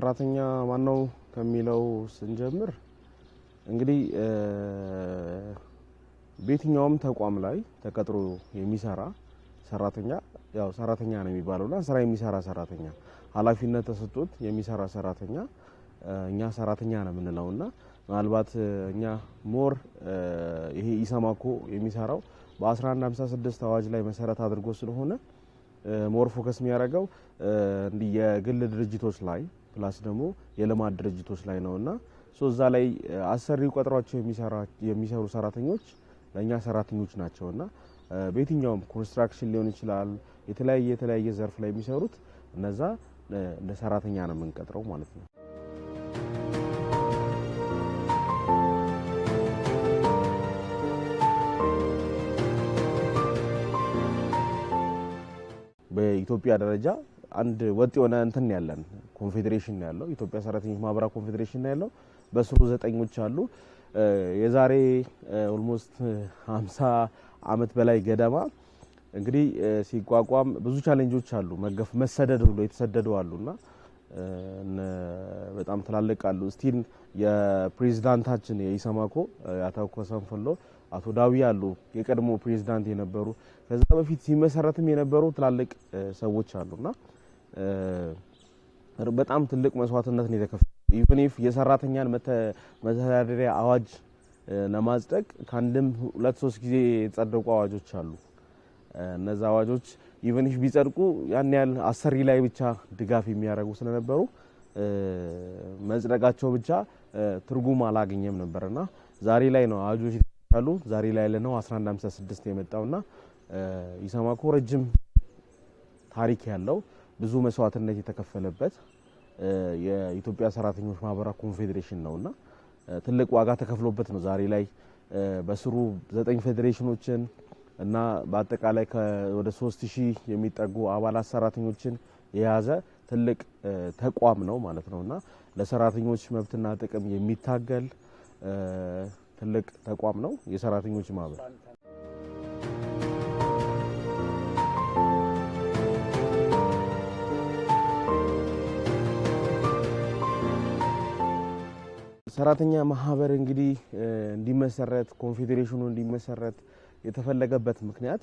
ሰራተኛ ማነው ከሚለው ስንጀምር እንግዲህ በየትኛውም ተቋም ላይ ተቀጥሮ የሚሰራ ሰራተኛ ያው ሰራተኛ ነው የሚባለውና ስራ የሚሰራ ሰራተኛ ኃላፊነት ተሰጥቶት የሚሰራ ሰራተኛ እኛ ሰራተኛ ነው የምንለውና ምናልባት እኛ ሞር ይሄ ኢሰማኮ የሚሰራው በ1156 አዋጅ ላይ መሰረት አድርጎ ስለሆነ ሞር ፎከስ የሚያደርገው እንዲህ የግል ድርጅቶች ላይ ፕላስ ደግሞ የልማት ድርጅቶች ላይ ነው እና እዛ ላይ አሰሪ ቀጥሯቸው የሚሰሩ ሰራተኞች ለእኛ ሰራተኞች ናቸው እና በየትኛውም ኮንስትራክሽን ሊሆን ይችላል የተለያየ የተለያየ ዘርፍ ላይ የሚሰሩት እነዛ እንደ ሰራተኛ ነው የምንቀጥረው ማለት ነው። በኢትዮጵያ ደረጃ አንድ ወጥ የሆነ እንትን ያለን ኮንፌዴሬሽን ነው ያለው። ኢትዮጵያ ሰራተኞች ማህበራት ኮንፌዴሬሽን ነው ያለው። በስሩ ዘጠኞች አሉ። የዛሬ ኦልሞስት 50 አመት በላይ ገደማ እንግዲህ ሲቋቋም ብዙ ቻሌንጆች አሉ። መገፍ መሰደድ ብሎ የተሰደዱ አሉና በጣም ትላልቅ አሉ። ስቲል የፕሬዚዳንታችን የኢሰማኮ አታኮ ሰንፈሎ አቶ ዳዊ አሉ፣ የቀድሞ ፕሬዚዳንት የነበሩ ከዛ በፊት ሲመሰረትም የነበሩ ትላልቅ ሰዎች አሉና በጣም ትልቅ መስዋዕትነት ነው የተከፈለ ኢቭን ኢፍ የሰራተኛን መተዳደሪያ አዋጅ ለማጽደቅ ከአንድም ሁለት ሶስት ጊዜ የጸደቁ አዋጆች አሉ። እነዚ አዋጆች ኢቭን ኢፍ ቢጸድቁ ያን ያህል አሰሪ ላይ ብቻ ድጋፍ የሚያደርጉ ስለነበሩ መጽደቃቸው ብቻ ትርጉም አላገኘም ነበርና ዛሬ ላይ ነው አዋጆች አሉ። ዛሬ ላይ ለነው 1156 የመጣውና ኢሰማኮ ረጅም ታሪክ ያለው ብዙ መስዋዕትነት የተከፈለበት የኢትዮጵያ ሰራተኞች ማህበራት ኮንፌዴሬሽን እና ትልቅ ዋጋ ተከፍሎበት ነው ዛሬ ላይ በስሩ ዘጠኝ ፌዴሬሽኖችን እና በአጠቃላይ ወደ ሶስት ሺህ የሚጠጉ አባላት ሰራተኞችን የያዘ ትልቅ ተቋም ነው ማለት ነው እና ለሰራተኞች መብትና ጥቅም የሚታገል ትልቅ ተቋም ነው የሰራተኞች ማህበር። ሰራተኛ ማህበር እንግዲህ እንዲመሰረት ኮንፌዴሬሽኑ እንዲመሰረት የተፈለገበት ምክንያት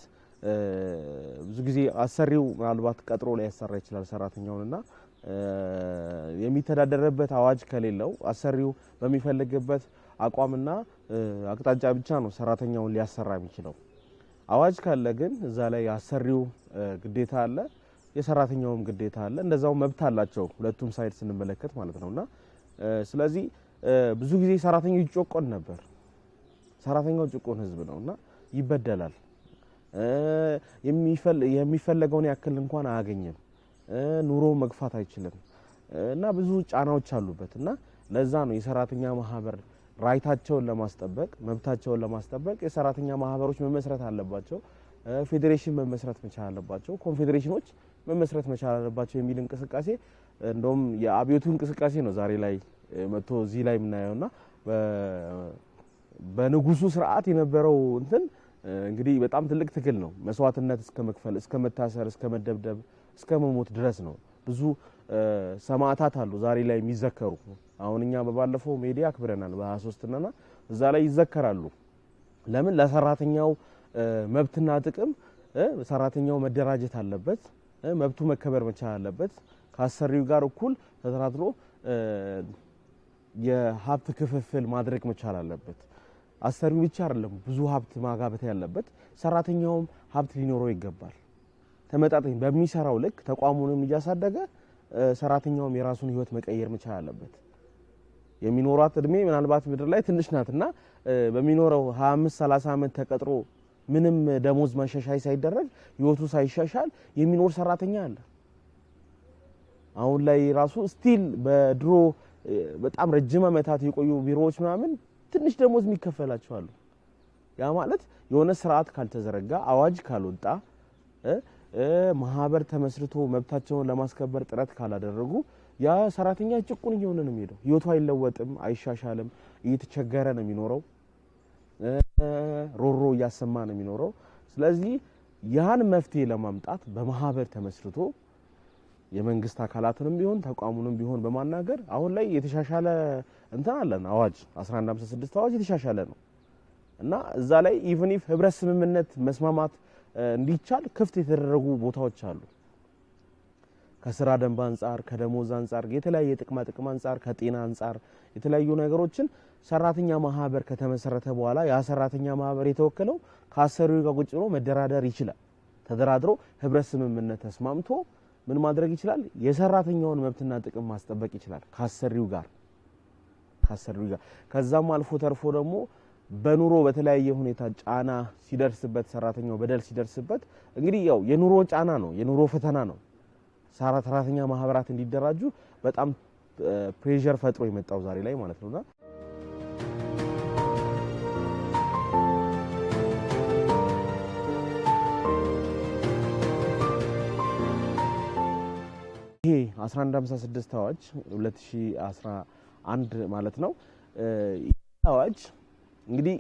ብዙ ጊዜ አሰሪው ምናልባት ቀጥሮ ሊያሰራ ይችላል ሰራተኛውንና የሚተዳደረበት አዋጅ ከሌለው አሰሪው በሚፈልግበት አቋምና አቅጣጫ ብቻ ነው ሰራተኛውን ሊያሰራ የሚችለው። አዋጅ ካለ ግን እዛ ላይ የአሰሪው ግዴታ አለ፣ የሰራተኛውም ግዴታ አለ። እንደዛው መብት አላቸው ሁለቱም ሳይድ ስንመለከት ማለት ነውና ስለዚህ ብዙ ጊዜ ሰራተኛው ይጮቆን ነበር። ሰራተኛው ጭቆን ህዝብ ነውና ይበደላል። የሚፈለገውን ያክል እንኳን አያገኝም። ኑሮ መግፋት አይችልም እና ብዙ ጫናዎች አሉበት እና ለዛ ነው የሰራተኛ ማህበር ራይታቸውን ለማስጠበቅ መብታቸውን ለማስጠበቅ የሰራተኛ ማህበሮች መመስረት አለባቸው። ፌዴሬሽን መመስረት መቻል አለባቸው፣ ኮንፌዴሬሽኖች መመስረት መቻል አለባቸው የሚል እንቅስቃሴ እንደውም የአብዮቱ እንቅስቃሴ ነው ዛሬ ላይ መጥቶ እዚህ ላይ የምናየውና በንጉሱ ስርዓት የነበረው እንትን እንግዲህ በጣም ትልቅ ትግል ነው። መስዋዕትነት እስከ መክፈል፣ እስከ መታሰር፣ እስከ መደብደብ፣ እስከ መሞት ድረስ ነው። ብዙ ሰማዕታት አሉ ዛሬ ላይ የሚዘከሩ። አሁን እኛ በባለፈው ሜዲያ አክብረናል በ23 እና እዛ ላይ ይዘከራሉ። ለምን ለሰራተኛው መብትና ጥቅም ሰራተኛው መደራጀት አለበት። መብቱ መከበር መቻል አለበት። ከአሰሪው ጋር እኩል ተተራትሎ የሀብት ክፍፍል ማድረግ መቻል አለበት። አሰሪው ብቻ አይደለም ብዙ ሀብት ማጋበት ያለበት፣ ሰራተኛውም ሀብት ሊኖረው ይገባል። ተመጣጣኝ በሚሰራው ልክ ተቋሙንም እያሳደገ ሰራተኛውም የራሱን ህይወት መቀየር መቻል አለበት። የሚኖሯት እድሜ ምናልባት ምድር ላይ ትንሽ ናትና በሚኖረው 25 30 ዓመት ተቀጥሮ ምንም ደሞዝ ማሻሻይ ሳይደረግ ህይወቱ ሳይሻሻል የሚኖር ሰራተኛ አለ። አሁን ላይ ራሱ ስቲል በድሮ በጣም ረጅም ዓመታት የቆዩ ቢሮዎች ምናምን ትንሽ ደሞዝ የሚከፈላቸው አሉ። ያ ማለት የሆነ ስርዓት ካልተዘረጋ፣ አዋጅ ካልወጣ፣ ማህበር ተመስርቶ መብታቸውን ለማስከበር ጥረት ካላደረጉ ያ ሰራተኛ ጭቁን እየሆነ ነው የሚሄደው። ህይወቱ አይለወጥም፣ አይሻሻልም፣ እየተቸገረ ነው የሚኖረው። ሮሮ እያሰማ ነው የሚኖረው። ስለዚህ ያን መፍትሄ ለማምጣት በማህበር ተመስርቶ የመንግስት አካላትንም ቢሆን ተቋሙንም ቢሆን በማናገር አሁን ላይ የተሻሻለ እንትን አለን። አዋጅ 1156 አዋጅ የተሻሻለ ነው እና እዛ ላይ ኢቭን ኢፍ ህብረት ስምምነት መስማማት እንዲቻል ክፍት የተደረጉ ቦታዎች አሉ። ከስራ ደንብ አንጻር፣ ከደሞዝ አንጻር፣ የተለያየ ጥቅማ ጥቅም አንጻር፣ ከጤና አንጻር የተለያዩ ነገሮችን ሰራተኛ ማህበር ከተመሰረተ በኋላ ያ ሰራተኛ ማህበር የተወከለው ከአሰሪው ጋር ቁጭ ብሎ መደራደር ይችላል። ተደራድሮ ህብረት ስምምነት ተስማምቶ ምን ማድረግ ይችላል? የሰራተኛውን መብትና ጥቅም ማስጠበቅ ይችላል ከአሰሪው ጋር ከአሰሪው ጋር ከዛም አልፎ ተርፎ ደግሞ በኑሮ በተለያየ ሁኔታ ጫና ሲደርስበት ሰራተኛው በደል ሲደርስበት እንግዲህ ያው የኑሮ ጫና ነው፣ የኑሮ ፈተና ነው። ሰራተኛ ማህበራት እንዲደራጁ በጣም ፕሬዠር ፈጥሮ የመጣው ዛሬ ላይ ማለት ነውና ይሄ 1156 አዋጅ 2011 ማለት ነው። አዋጅ እንግዲህ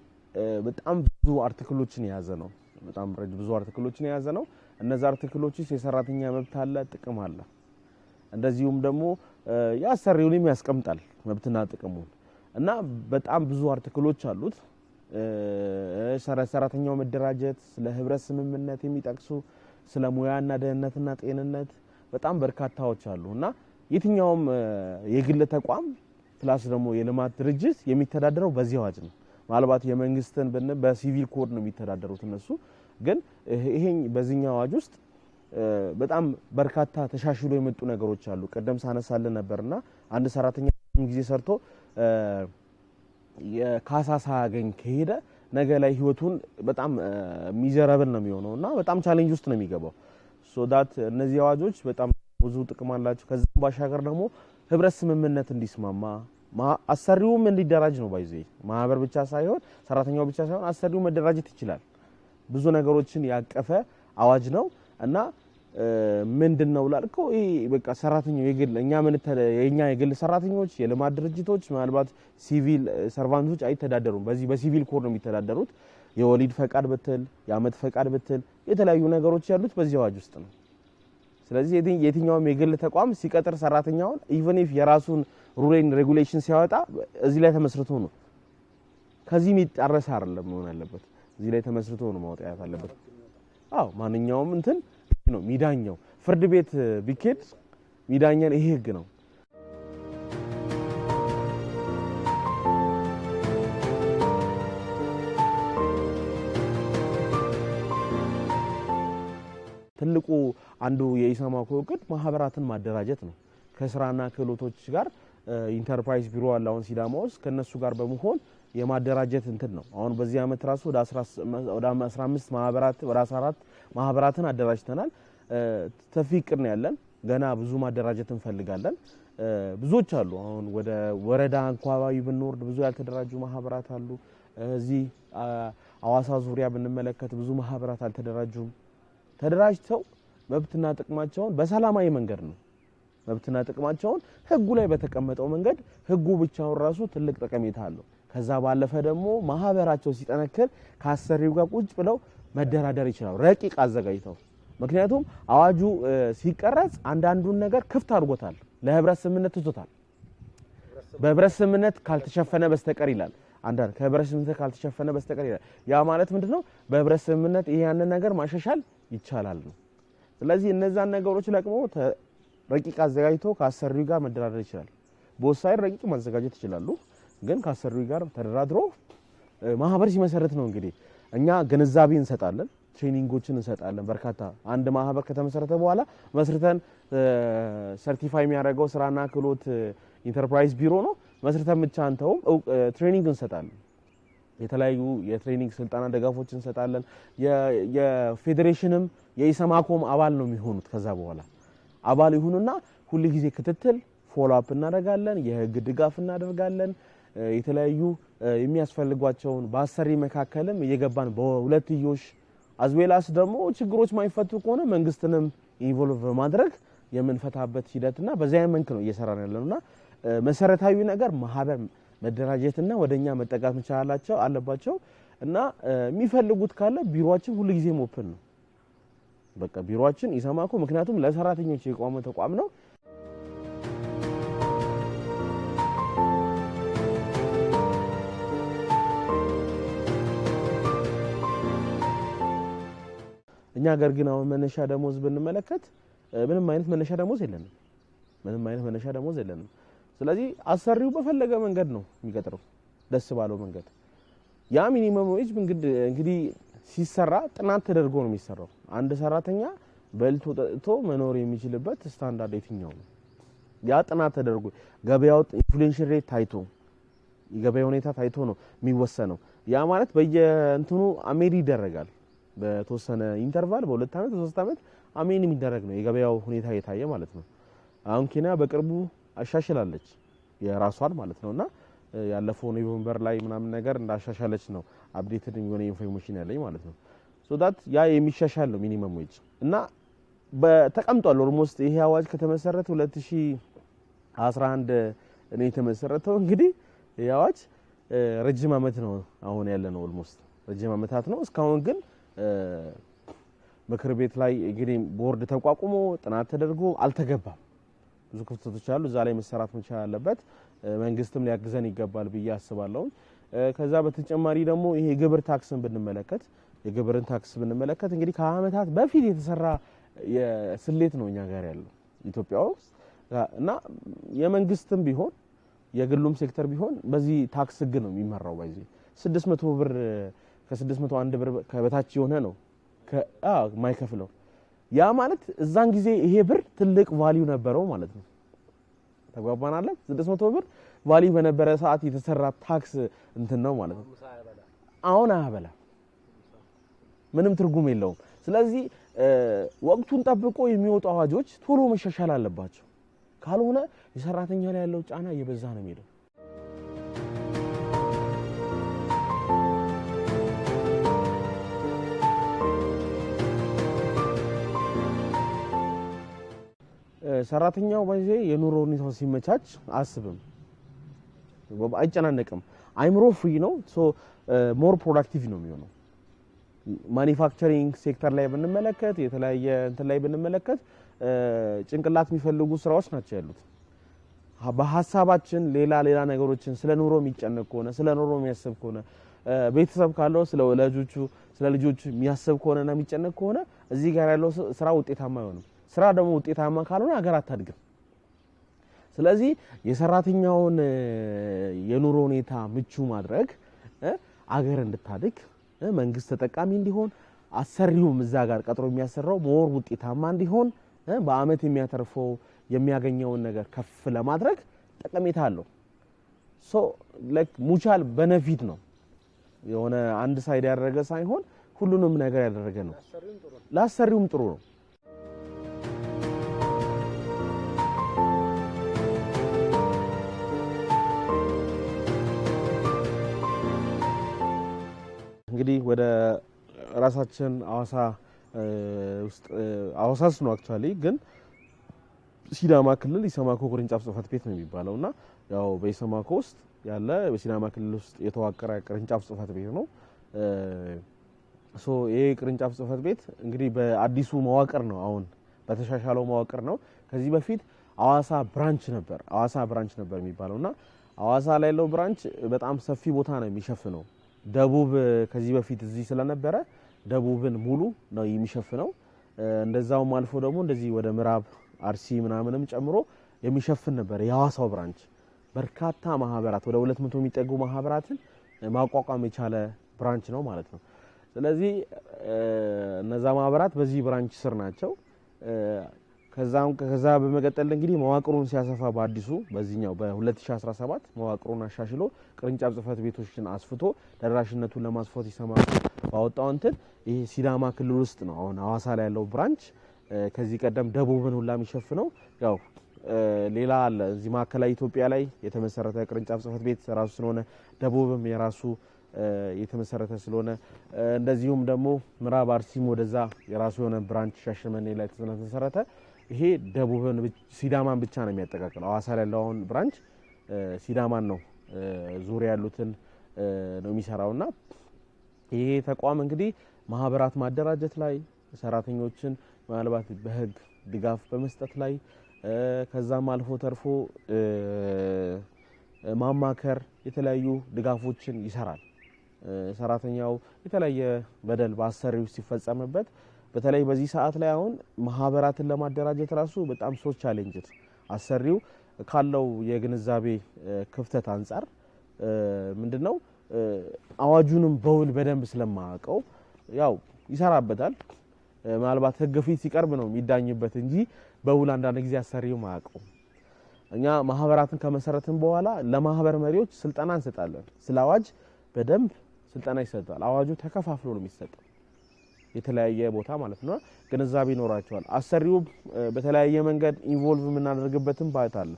በጣም ብዙ አርቲክሎችን የያዘ ነው። በጣም ብዙ አርቲክሎችን የያዘ ነው። እነዚህ አርቲክሎች ውስጥ የሰራተኛ መብት አለ፣ ጥቅም አለ። እንደዚሁም ደግሞ የአሰሪውንም ያስቀምጣል መብትና ጥቅሙን እና በጣም ብዙ አርቲክሎች አሉት። ሰራተኛው መደራጀት፣ ስለ ህብረት ስምምነት የሚጠቅሱ ስለ ሙያና ደህንነትና ጤንነት በጣም በርካታዎች አሉ እና የትኛውም የግል ተቋም ፕላስ ደግሞ የልማት ድርጅት የሚተዳደረው በዚህ አዋጅ ነው። ምናልባት የመንግስትን ብን በሲቪል ኮድ ነው የሚተዳደሩት እነሱ ግን ይሄኝ በዚህኛው አዋጅ ውስጥ በጣም በርካታ ተሻሽሎ የመጡ ነገሮች አሉ። ቀደም ሳነሳልን ነበርና አንድ ሰራተኛ ጊዜ ሰርቶ ካሳ ሳያገኝ ከሄደ ነገ ላይ ህይወቱን በጣም ሚዘረብል ነው የሚሆነው እና በጣም ቻሌንጅ ውስጥ ነው የሚገባው። ሶ ዳት እነዚህ አዋጆች በጣም ብዙ ጥቅም አላቸው። ከዚም ባሻገር ደግሞ ህብረት ስምምነት እንዲስማማ አሰሪውም እንዲደራጅ ነው ባይዘ ማህበር ብቻ ሳይሆን ሰራተኛው ብቻ ሳይሆን አሰሪው መደራጀት ይችላል። ብዙ ነገሮችን ያቀፈ አዋጅ ነው እና ምንድን ነው ላልከው ይሄ በቃ ሰራተኛው የግል እኛ ምን የኛ የግል ሰራተኞች የልማት ድርጅቶች ምናልባት ሲቪል ሰርቫንቶች አይተዳደሩም። በዚህ በሲቪል ኮድ ነው የሚተዳደሩት። የወሊድ ፈቃድ ብትል የአመት ፈቃድ ብትል የተለያዩ ነገሮች ያሉት በዚህ አዋጅ ውስጥ ነው። ስለዚህ የትኛውም የግል ተቋም ሲቀጥር ሰራተኛውን ኢቨን ኢፍ የራሱን ሩሌን ሬጉሌሽን ሲያወጣ እዚህ ላይ ተመስርቶ ነው። ከዚህ የሚጣረስ አይደለም መሆን ያለበት እዚህ ላይ ተመስርቶ ነው ማውጣት አለበት። አዎ ማንኛውም እንትን ነው ሚዳኛው። ፍርድ ቤት ቢኬድ ሚዳኛን ይሄ ህግ ነው ትልቁ አንዱ የኢሰማኮ እቅድ ማህበራትን ማደራጀት ነው። ከስራና ክህሎቶች ጋር ኢንተርፕራይዝ ቢሮ አለ አሁን ሲዳማ ውስጥ ከእነሱ ጋር በመሆን የማደራጀት እንትን ነው። አሁን በዚህ አመት ራሱ ወደ 15 ማህበራት ወደ 14 ማህበራትን አደራጅተናል። ሰፊ እቅድ ነው ያለን። ገና ብዙ ማደራጀት እንፈልጋለን። ብዙዎች አሉ። አሁን ወደ ወረዳ አንኳባቢ ብንወርድ ብዙ ያልተደራጁ ማህበራት አሉ። እዚህ አዋሳ ዙሪያ ብንመለከት ብዙ ማህበራት አልተደራጁም። ተደራጅተው መብትና ጥቅማቸውን በሰላማዊ መንገድ ነው መብትና ጥቅማቸውን ህጉ ላይ በተቀመጠው መንገድ ህጉ ብቻውን ራሱ ትልቅ ጠቀሜታ አለው። ከዛ ባለፈ ደግሞ ማህበራቸው ሲጠነክር ከአሰሪው ጋር ቁጭ ብለው መደራደር ይችላሉ፣ ረቂቅ አዘጋጅተው። ምክንያቱም አዋጁ ሲቀረጽ አንዳንዱን ነገር ክፍት አድርጎታል፣ ለህብረት ስምምነት ትቶታል። በህብረት ስምምነት ካልተሸፈነ በስተቀር ይላል አንዳንድ ከህብረት ስምምነት ካልተሸፈነ በስተቀር ይላል። ያ ማለት ምንድን ነው? በህብረት ስምምነት ይሄ ያንን ነገር ማሻሻል ይቻላል ነው። ስለዚህ እነዛን ነገሮች ለቅሞ ረቂቅ አዘጋጅቶ ከአሰሪው ጋር መደራደር ይችላል። በወሳኝ ረቂቅ ማዘጋጀት ይችላሉ። ግን ከአሰሪ ጋር ተደራድሮ ማህበር ሲመሰረት ነው እንግዲህ እኛ ግንዛቤ እንሰጣለን፣ ትሬኒንጎችን እንሰጣለን። በርካታ አንድ ማህበር ከተመሰረተ በኋላ መስርተን ሰርቲፋይ የሚያደርገው ስራና ክህሎት ኢንተርፕራይዝ ቢሮ ነው። መስርተን ብቻ አንተውም ትሬኒንግ እንሰጣለን። የተለያዩ የትሬኒንግ ስልጠና ድጋፎች እንሰጣለን። የፌዴሬሽንም የኢሰማኮም አባል ነው የሚሆኑት። ከዛ በኋላ አባል ይሁኑና ሁልጊዜ ክትትል ፎሎአፕ እናደርጋለን። የህግ ድጋፍ እናደርጋለን። የተለያዩ የሚያስፈልጓቸውን በአሰሪ መካከልም እየገባን በሁለትዮሽ አዝዌላስ ደግሞ ችግሮች ማይፈቱ ከሆነ መንግስትንም ኢንቮልቭ በማድረግ የምንፈታበት ሂደትና በዚያ መንክ ነው እየሰራን ያለነውና መሰረታዊ ነገር ማህበር መደራጀትና ወደኛ መጠቃት መቻላቸው አለባቸው እና የሚፈልጉት ካለ ቢሮአችን ሁልጊዜም ኦፕን ነው። በቃ ቢሮችን ኢሰማኮ ምክንያቱም ለሰራተኞች የቆመ ተቋም ነው። እኛ ሀገር ግን አሁን መነሻ ደሞዝ ብንመለከት ምንም አይነት መነሻ ደሞዝ የለንም። ምንም አይነት መነሻ ደሞዝ የለንም። ስለዚህ አሰሪው በፈለገ መንገድ ነው የሚቀጥረው፣ ደስ ባለው መንገድ። ያ ሚኒመም ዌጅ እንግዲህ ሲሰራ ጥናት ተደርጎ ነው የሚሰራው። አንድ ሰራተኛ በልቶ ጠጥቶ መኖር የሚችልበት ስታንዳርድ የትኛው ነው? ያ ጥናት ተደርጎ ገበያው ኢንፍሌሽን ሬት ታይቶ የገበያ ሁኔታ ታይቶ ነው የሚወሰነው። ያ ማለት በየእንትኑ አሜድ ይደረጋል በተወሰነ ኢንተርቫል በሁለት ዓመት በሶስት ዓመት አሜን የሚደረግ ነው የገበያው ሁኔታ የታየ ማለት ነው። አሁን ኬንያ በቅርቡ አሻሽላለች የራሷን ማለት ነውና ያለፈው ኖቬምበር ላይ ምናምን ነገር እንዳሻሻለች ነው አፕዴትድ የሚሆነ ኢንፎርሜሽን ያለኝ ማለት ነው። ሶ ዳት ያ የሚሻሻል ነው ሚኒመም ዌጅ እና በተቀምጧል ኦልሞስት ይሄ አዋጅ ከተመሰረተ 2011 እኔ የተመሰረተው እንግዲህ ይህ አዋጅ ረጅም አመት ነው አሁን ያለ ነው ኦልሞስት ረጅም አመታት ነው እስካሁን ግን ምክር ቤት ላይ እንግዲህ ቦርድ ተቋቁሞ ጥናት ተደርጎ አልተገባም። ብዙ ክፍተቶች አሉ። እዛ ላይ መሰራት መቻል አለበት። መንግስትም ሊያግዘን ይገባል ብዬ አስባለሁ። ከዛ በተጨማሪ ደግሞ ይሄ የግብር ታክስን ብንመለከት የግብርን ታክስ ብንመለከት እንግዲህ ከአመታት በፊት የተሰራ ስሌት ነው እኛ ጋር ያለው ኢትዮጵያ ውስጥ እና የመንግስትም ቢሆን የግሉም ሴክተር ቢሆን በዚህ ታክስ ህግ ነው የሚመራው። ባይዜ 600 ብር ከ601 ብር ከበታች የሆነ ነው ማይከፍለው። ያ ማለት እዛን ጊዜ ይሄ ብር ትልቅ ቫሊዩ ነበረው ማለት ነው። ተጓባናለ 600 ብር ቫልዩ በነበረ ሰዓት የተሰራ ታክስ እንትን ነው ማለት ነው። አሁን አያበላ ምንም ትርጉም የለውም። ስለዚህ ወቅቱን ጠብቆ የሚወጡ አዋጆች ቶሎ መሻሻል አለባቸው። ካልሆነ የሰራተኛ ላይ ያለው ጫና እየበዛ ነው የሚሄደው። ሰራተኛው ባይዜ የኑሮ ሁኔታው ሲመቻች አስብም አይጨናነቅም። አይምሮ ፍሪ ነው። ሶ ሞር ፕሮዳክቲቭ ነው የሚሆነው። ማኒፋክቸሪንግ ሴክተር ላይ ብንመለከት፣ የተለያየ እንትን ላይ ብንመለከት ጭንቅላት የሚፈልጉ ስራዎች ናቸው ያሉት። በሀሳባችን ሌላ ሌላ ነገሮችን ስለ ኑሮ የሚጨነቅ ከሆነ ስለ ኑሮ የሚያስብ ከሆነ ቤተሰብ ካለው ስለ ወላጆቹ ስለ ልጆቹ የሚያስብ ከሆነና የሚጨነቅ ከሆነ እዚህ ጋር ያለው ስራ ውጤታማ አይሆንም። ስራ ደግሞ ውጤታማ ካልሆነ ሀገር አታድግም። ስለዚህ የሰራተኛውን የኑሮ ሁኔታ ምቹ ማድረግ አገር እንድታድግ መንግስት ተጠቃሚ እንዲሆን አሰሪውም እዛ ጋር ቀጥሮ የሚያሰራው መወር ውጤታማ እንዲሆን በአመት የሚያተርፈው የሚያገኘውን ነገር ከፍ ለማድረግ ጠቀሜታ አለው። ሶ ላይክ ሙቻል በነፊት ነው የሆነ አንድ ሳይድ ያደረገ ሳይሆን ሁሉንም ነገር ያደረገ ነው። ለአሰሪውም ጥሩ ነው። እንግዲህ ወደ ራሳችን አዋሳ ውስጥ አዋሳስ ነው አክቹአሊ ግን ሲዳማ ክልል ኢሰማኮ ቅርንጫፍ ጽህፈት ቤት ነው የሚባለው እና ያው በኢሰማኮ ውስጥ ያለ በሲዳማ ክልል ውስጥ የተዋቀረ ቅርንጫፍ ጽህፈት ቤት ነው። ሶ ይሄ ቅርንጫፍ ጽህፈት ቤት እንግዲህ በአዲሱ መዋቅር ነው፣ አሁን በተሻሻለው መዋቅር ነው። ከዚህ በፊት አዋሳ ብራንች ነበር፣ አዋሳ ብራንች ነበር የሚባለው እና አዋሳ ላይ ያለው ብራንች በጣም ሰፊ ቦታ ነው የሚሸፍነው ደቡብ ከዚህ በፊት እዚህ ስለነበረ ደቡብን ሙሉ ነው የሚሸፍነው። እንደዛውም አልፎ ደግሞ እንደዚህ ወደ ምዕራብ አርሲ ምናምንም ጨምሮ የሚሸፍን ነበር። የሐዋሳው ብራንች በርካታ ማህበራት ወደ 200 የሚጠጉ ማህበራትን ማቋቋም የቻለ ብራንች ነው ማለት ነው። ስለዚህ እነዛ ማህበራት በዚህ ብራንች ስር ናቸው። ከዛም ከዛ በመቀጠል እንግዲህ መዋቅሩን ሲያሰፋ በአዲሱ በዚህኛው በ2017 መዋቅሩን አሻሽሎ ቅርንጫፍ ጽህፈት ቤቶችን አስፍቶ ደራሽነቱን ለማስፋት ይሰማ ባወጣው እንትን ይሄ ሲዳማ ክልል ውስጥ ነው። አሁን ሀዋሳ ላይ ያለው ብራንች ከዚህ ቀደም ደቡብን ሁላ የሚሸፍነው ያው ሌላ አለ። እዚህ ማዕከላዊ ኢትዮጵያ ላይ የተመሰረተ ቅርንጫፍ ጽህፈት ቤት ራሱ ስለሆነ ደቡብም የራሱ የተመሰረተ ስለሆነ እንደዚሁም ደግሞ ምዕራብ አርሲም ወደዛ የራሱ የሆነ ብራንች ሻሸመኔ ላይ ስለተመሰረተ ይሄ ደቡብን ሲዳማን ብቻ ነው የሚያጠቃቅለው። አዋሳ ላይ ብራንች ሲዳማን ነው ዙሪያ ያሉትን ነው የሚሰራውና ይሄ ተቋም እንግዲህ ማህበራት ማደራጀት ላይ ሰራተኞችን ምናልባት በህግ ድጋፍ በመስጠት ላይ ከዛም አልፎ ተርፎ ማማከር የተለያዩ ድጋፎችን ይሰራል። ሰራተኛው የተለያየ በደል በአሰሪው ሲፈጸምበት በተለይ በዚህ ሰዓት ላይ አሁን ማህበራትን ለማደራጀት ራሱ በጣም ሶ ቻሌንጅስ አሰሪው ካለው የግንዛቤ ክፍተት አንጻር ምንድን ነው አዋጁንም በውል በደንብ ስለማያውቀው ያው ይሰራበታል። ምናልባት ህግ ፊት ሲቀርብ ነው የሚዳኝበት እንጂ በውል አንዳንድ ጊዜ አሰሪው ማያውቀው። እኛ ማህበራትን ከመሰረትን በኋላ ለማህበር መሪዎች ስልጠና እንሰጣለን። ስለ አዋጅ በደንብ ስልጠና ይሰጣል። አዋጁ ተከፋፍሎ ነው የሚሰጠው። የተለያየ ቦታ ማለት ነው ግንዛቤ ይኖራቸዋል። አሰሪው በተለያየ መንገድ ኢንቮልቭ የምናደርግበትም ባት አለ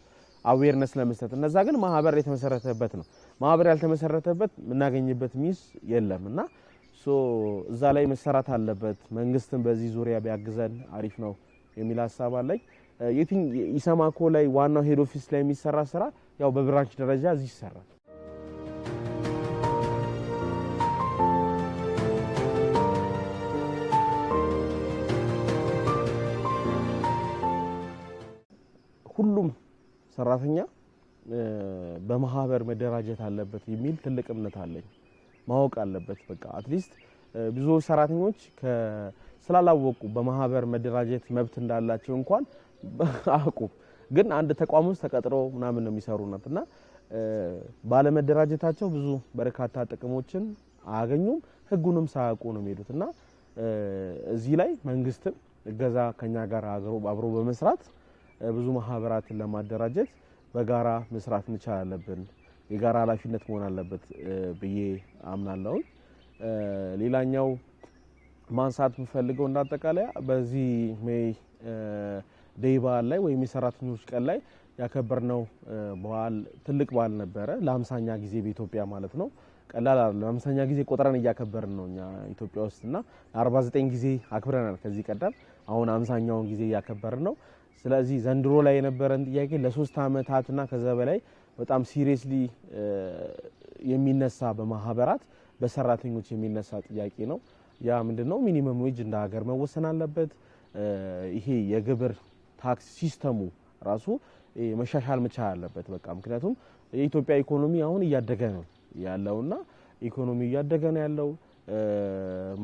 አዌርነስ ለመስጠት እነዛ ግን ማህበር የተመሰረተበት ነው። ማህበር ያልተመሰረተበት የምናገኝበት ሚስ የለም እና እዛ ላይ መሰራት አለበት። መንግስትን በዚህ ዙሪያ ቢያግዘን አሪፍ ነው የሚል ሀሳብ አለኝ። ኢሰማኮ ላይ ዋናው ሄድ ኦፊስ ላይ የሚሰራ ስራ ያው በብራንች ደረጃ እዚህ ይሰራል። ሰራተኛ በማህበር መደራጀት አለበት የሚል ትልቅ እምነት አለኝ። ማወቅ አለበት። በቃ አትሊስት ብዙ ሰራተኞች ስላላወቁ በማህበር መደራጀት መብት እንዳላቸው እንኳን አቁ ግን አንድ ተቋም ውስጥ ተቀጥረው ምናምን ነው የሚሰሩናት እና ባለመደራጀታቸው ብዙ በርካታ ጥቅሞችን አያገኙም። ህጉንም ሳያውቁ ነው የሚሄዱት እና እዚህ ላይ መንግስትም እገዛ ከኛ ጋር አብሮ በመስራት ብዙ ማህበራትን ለማደራጀት በጋራ መስራት መቻል አለብን። የጋራ ኃላፊነት መሆን አለበት ብዬ አምናለሁ። ሌላኛው ማንሳት የምፈልገው እንዳጠቃላይ በዚህ ሜይ ዴይ በዓል ላይ ወይም የሰራተኞች ቀን ላይ ያከበርነው በዓል ትልቅ በዓል ነበረ። ለአምሳኛ ጊዜ በኢትዮጵያ ማለት ነው። ቀላል አይደለም። ለአምሳኛ ጊዜ ቆጥረን እያከበርን ነው እኛ ኢትዮጵያ ውስጥ እና ለአርባ ዘጠኝ ጊዜ አክብረናል ከዚህ ቀደም። አሁን አምሳኛውን ጊዜ እያከበርን ነው። ስለዚህ ዘንድሮ ላይ የነበረን ጥያቄ ለሶስት ዓመታትና ከዛ በላይ በጣም ሲሪየስሊ የሚነሳ በማህበራት በሰራተኞች የሚነሳ ጥያቄ ነው። ያ ምንድነው? ሚኒመም ዌጅ እንደ ሀገር መወሰን አለበት። ይሄ የግብር ታክስ ሲስተሙ ራሱ መሻሻል መቻል አለበት። በቃ ምክንያቱም የኢትዮጵያ ኢኮኖሚ አሁን እያደገ ነው ያለውና ኢኮኖሚ እያደገ ነው ያለው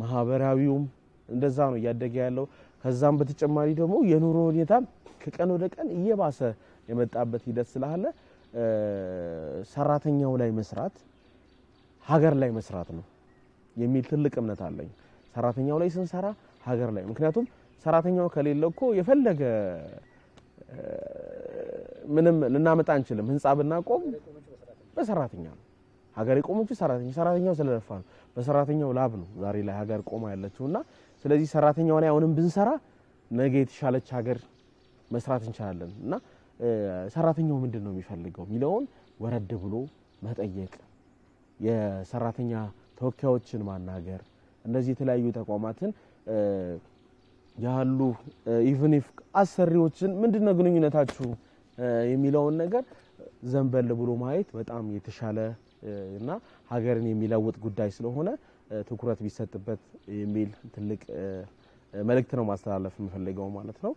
ማህበራዊውም እንደዛ ነው እያደገ ያለው። ከዛም በተጨማሪ ደግሞ የኑሮ ሁኔታ ከቀን ወደ ቀን እየባሰ የመጣበት ሂደት ስላለ ሰራተኛው ላይ መስራት ሀገር ላይ መስራት ነው የሚል ትልቅ እምነት አለኝ። ሰራተኛው ላይ ስንሰራ ሀገር ላይ ምክንያቱም ሰራተኛው ከሌለ እኮ የፈለገ ምንም ልናመጣ አንችልም። ህንፃ ብናቆም በሰራተኛ ነው ሀገር የቆመችው። ሰራተኛው ስለለፋ ነው፣ በሰራተኛው ላብ ነው ዛሬ ላይ ሀገር ቆማ ያለችውና ስለዚህ ሰራተኛው ላይ አሁንም ብንሰራ ነገ የተሻለች ሀገር መስራት እንችላለን እና ሰራተኛው ምንድን ነው የሚፈልገው የሚለውን ወረድ ብሎ መጠየቅ፣ የሰራተኛ ተወካዮችን ማናገር፣ እነዚህ የተለያዩ ተቋማትን ያሉ ኢቭን ኢፍ አሰሪዎችን ምንድን ነው ግንኙነታችሁ የሚለውን ነገር ዘንበል ብሎ ማየት በጣም የተሻለ እና ሀገርን የሚለውጥ ጉዳይ ስለሆነ ትኩረት ቢሰጥበት የሚል ትልቅ መልእክት ነው ማስተላለፍ የምፈልገው ማለት ነው።